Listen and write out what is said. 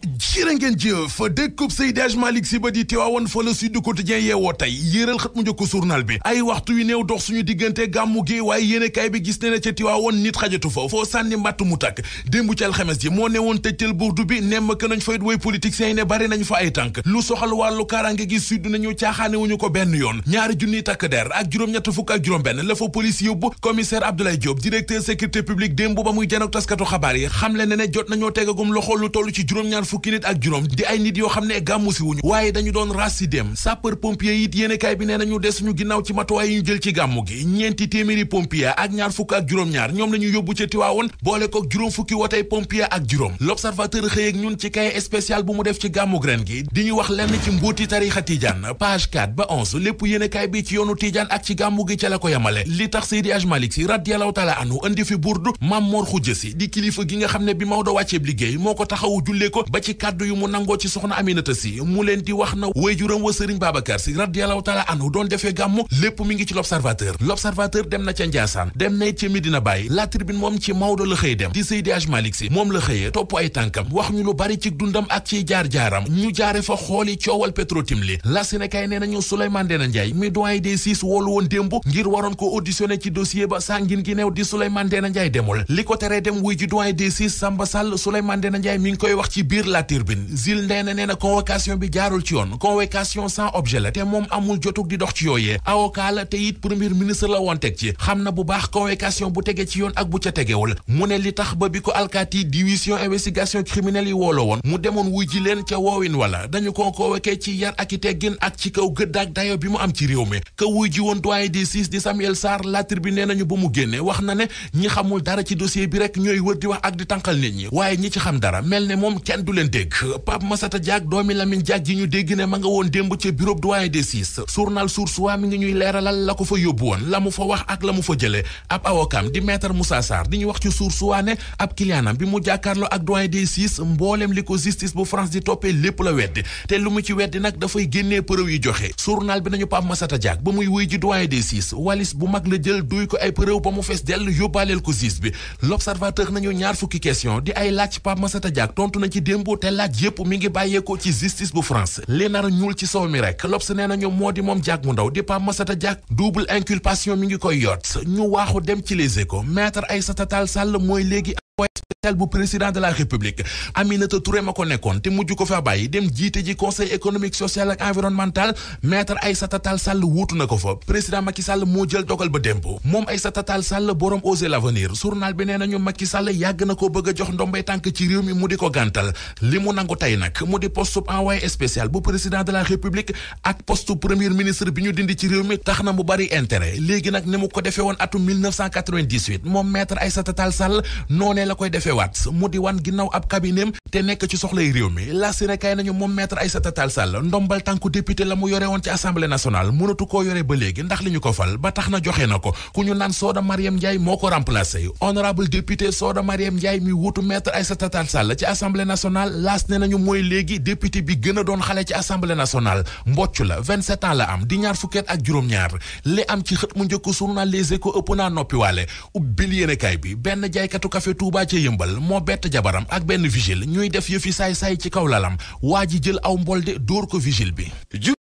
jërë ngeen jëf dëkkub Seydi Hadji Malick Sy ba di Tiwaawoon fa la Sud Quotidien yeewoo tey yéeral xët mu njëkk journal bi ay waxtu yu néew dox suñu diggante gàmmu gi waaye yéenekaay bi gis ne ca Tiwaawoon nit xajatu fa foo sànni mbàtt mu tàkk démb ci alxames ji moo ne woon tëjtal burdu bi nemm ke nañ fayit way politiciens ne bari nañ fa ay tànk lu soxal wàllu kaaraange gi sud nañu caaxaane wuñu ko benn yoon ñaari junniy takk der ak juróom-ñett fukk ak juróom fukki nit ak juróom di ay nit yoo xam ne gàmmu si wuñu waaye dañu doon ras si dem sapeur pompier it bi nee nañu des suñu ginnaaw ci matuwaay yi ñu jël ci gàmmu gi ñeenti téeméeri pompier ak ñaar fukk ak juróom-ñaar ñoom la ñu yóbbu ca Tiwaawoon boole ko juróom fukki wotey pompier ak juróom l'observateur xëy ak ñun ci cahier spécial bu mu def ci gàmmu ren gi di ñu wax lenn ci mbóoti tarixa Tidiane page 4 ba 11 lépp yéenekaay bi ci yoonu Tidiane ak ci gàmmu gi ca la ko yamale li tax Seydi Aj Malik Si radiyallahu taala anhu fi burdu Mam Mor Xujja di kilifa gi nga xam ne bi Maodo wàcceeb liggéey moo ko taxawu jullee ko ba ci kàddu yu mu nangoo ci soxna Aminata Si mu leen di wax na wéyjuram wa Serigne Babacar Si radiyallahu taala anhu doon defee gàmmu lépp mi ngi ci l'observateur l'observateur dem na ca Njaasaan dem na ca Medina Baye la tribune moom ci Maodo la xëy dem di Seydi Hadj Malick Si moom la xëyee topp ay tànkam wax ñu lu bari ci dundam ak ci jaar-jaaram ñu jaare fa xooli coowal Petro-Tim li la Sénégal nee nañu Souleymane Ndéné Ndiaye mi mi ngi koy wax ci biir la turbine zil ndey na nee convocation bi jaarul ci yoon convocation sans objet la te moom amul jotug di dox ci yooyee avocat te it premier ministre la woon ci xam na bu baax convocation bu tege ci yoon ak bu ca tegewul mu ne li tax ba bi ko alkaati division investigation criminelle yi woolo woon mu demoon wuy ji leen ca woowin wala dañu ko convoqué ci yar ak i teggin ak ci kaw gëdd dayo bi mu am ci réew mi ka wuy ji woon doyen di siis ba mu génne wax na ne ñi xamul dara ci nag du leen dégg Pape Massata Diack doomi Lamine Diack ji ñu dégg ne ma nga woon démb ca bureau doyen des six journal Source A ngi ñuy leeralal la ko fa yóbbu woon la mu fa wax ak la mu fa jëlee ab awokam di maître Moussa Sarr di ñu wax ci Source A ne ab kiliyaanam bi mu jàkkaarloo ak doyen des li ko justice walis bu mag la jël duy ko ay preuve ba mu fees dell yóbbaaleel ko justice bi l'observateur nañu ñaar fukki question di ay laaj Pape Massata Diack tontu na ci démboo te laaj yépp mi ngi bàyyeekoo ci justice bu France li nar a ñuul ci soow mi rek L'Obs nee na ñoom moo di moom jàk mu ndaw di Pape Massata Diack double inculpation mi ngi koy yot ñu waaxu dem ci Les ko maître ay Tall Sall mooy léegi tel bu président de la république Aminata te mujj ko fa bàyyi yàgg na ko bëgg a jox ndombay tànk ci réew mi mu di ko gàntal li mu nangu tey nag mu di poste envoyé spécial bu président de la république ak poste premier ministre bi ñu dindi ci réew mi tax na mu bari intérêt léegi nag ni mu ko defee woon atum 1998 moom maître Aïssata Tall Sall noonee la koy defee Abdoulaye Wade mu di wan ginnaaw ab kabineem te nekk ci soxlay réew mi la sinekaay nañu moom maître Aïssata Tall Sall ndombal tànku député la mu yore woon ci assemblée nationale mënatu koo yore ba léegi ndax li ñu ko fal ba tax na joxe na ko ku ñu naan Soda Mariam Ndiaye moo ko remplacé honorable député Soda Mariam Ndiaye mi wutu maître Aïssata Tall Sall ci assemblée nationale laas ne nañu mooy léegi député bi gën a doon xale ci assemblée nationale mbocc la 27 yëmbal moo bett jabaram ak benn vigile ñuy def yëfi saay-saay ci kaw lalam waa ji jël aw mbolde dóor ko vigile bi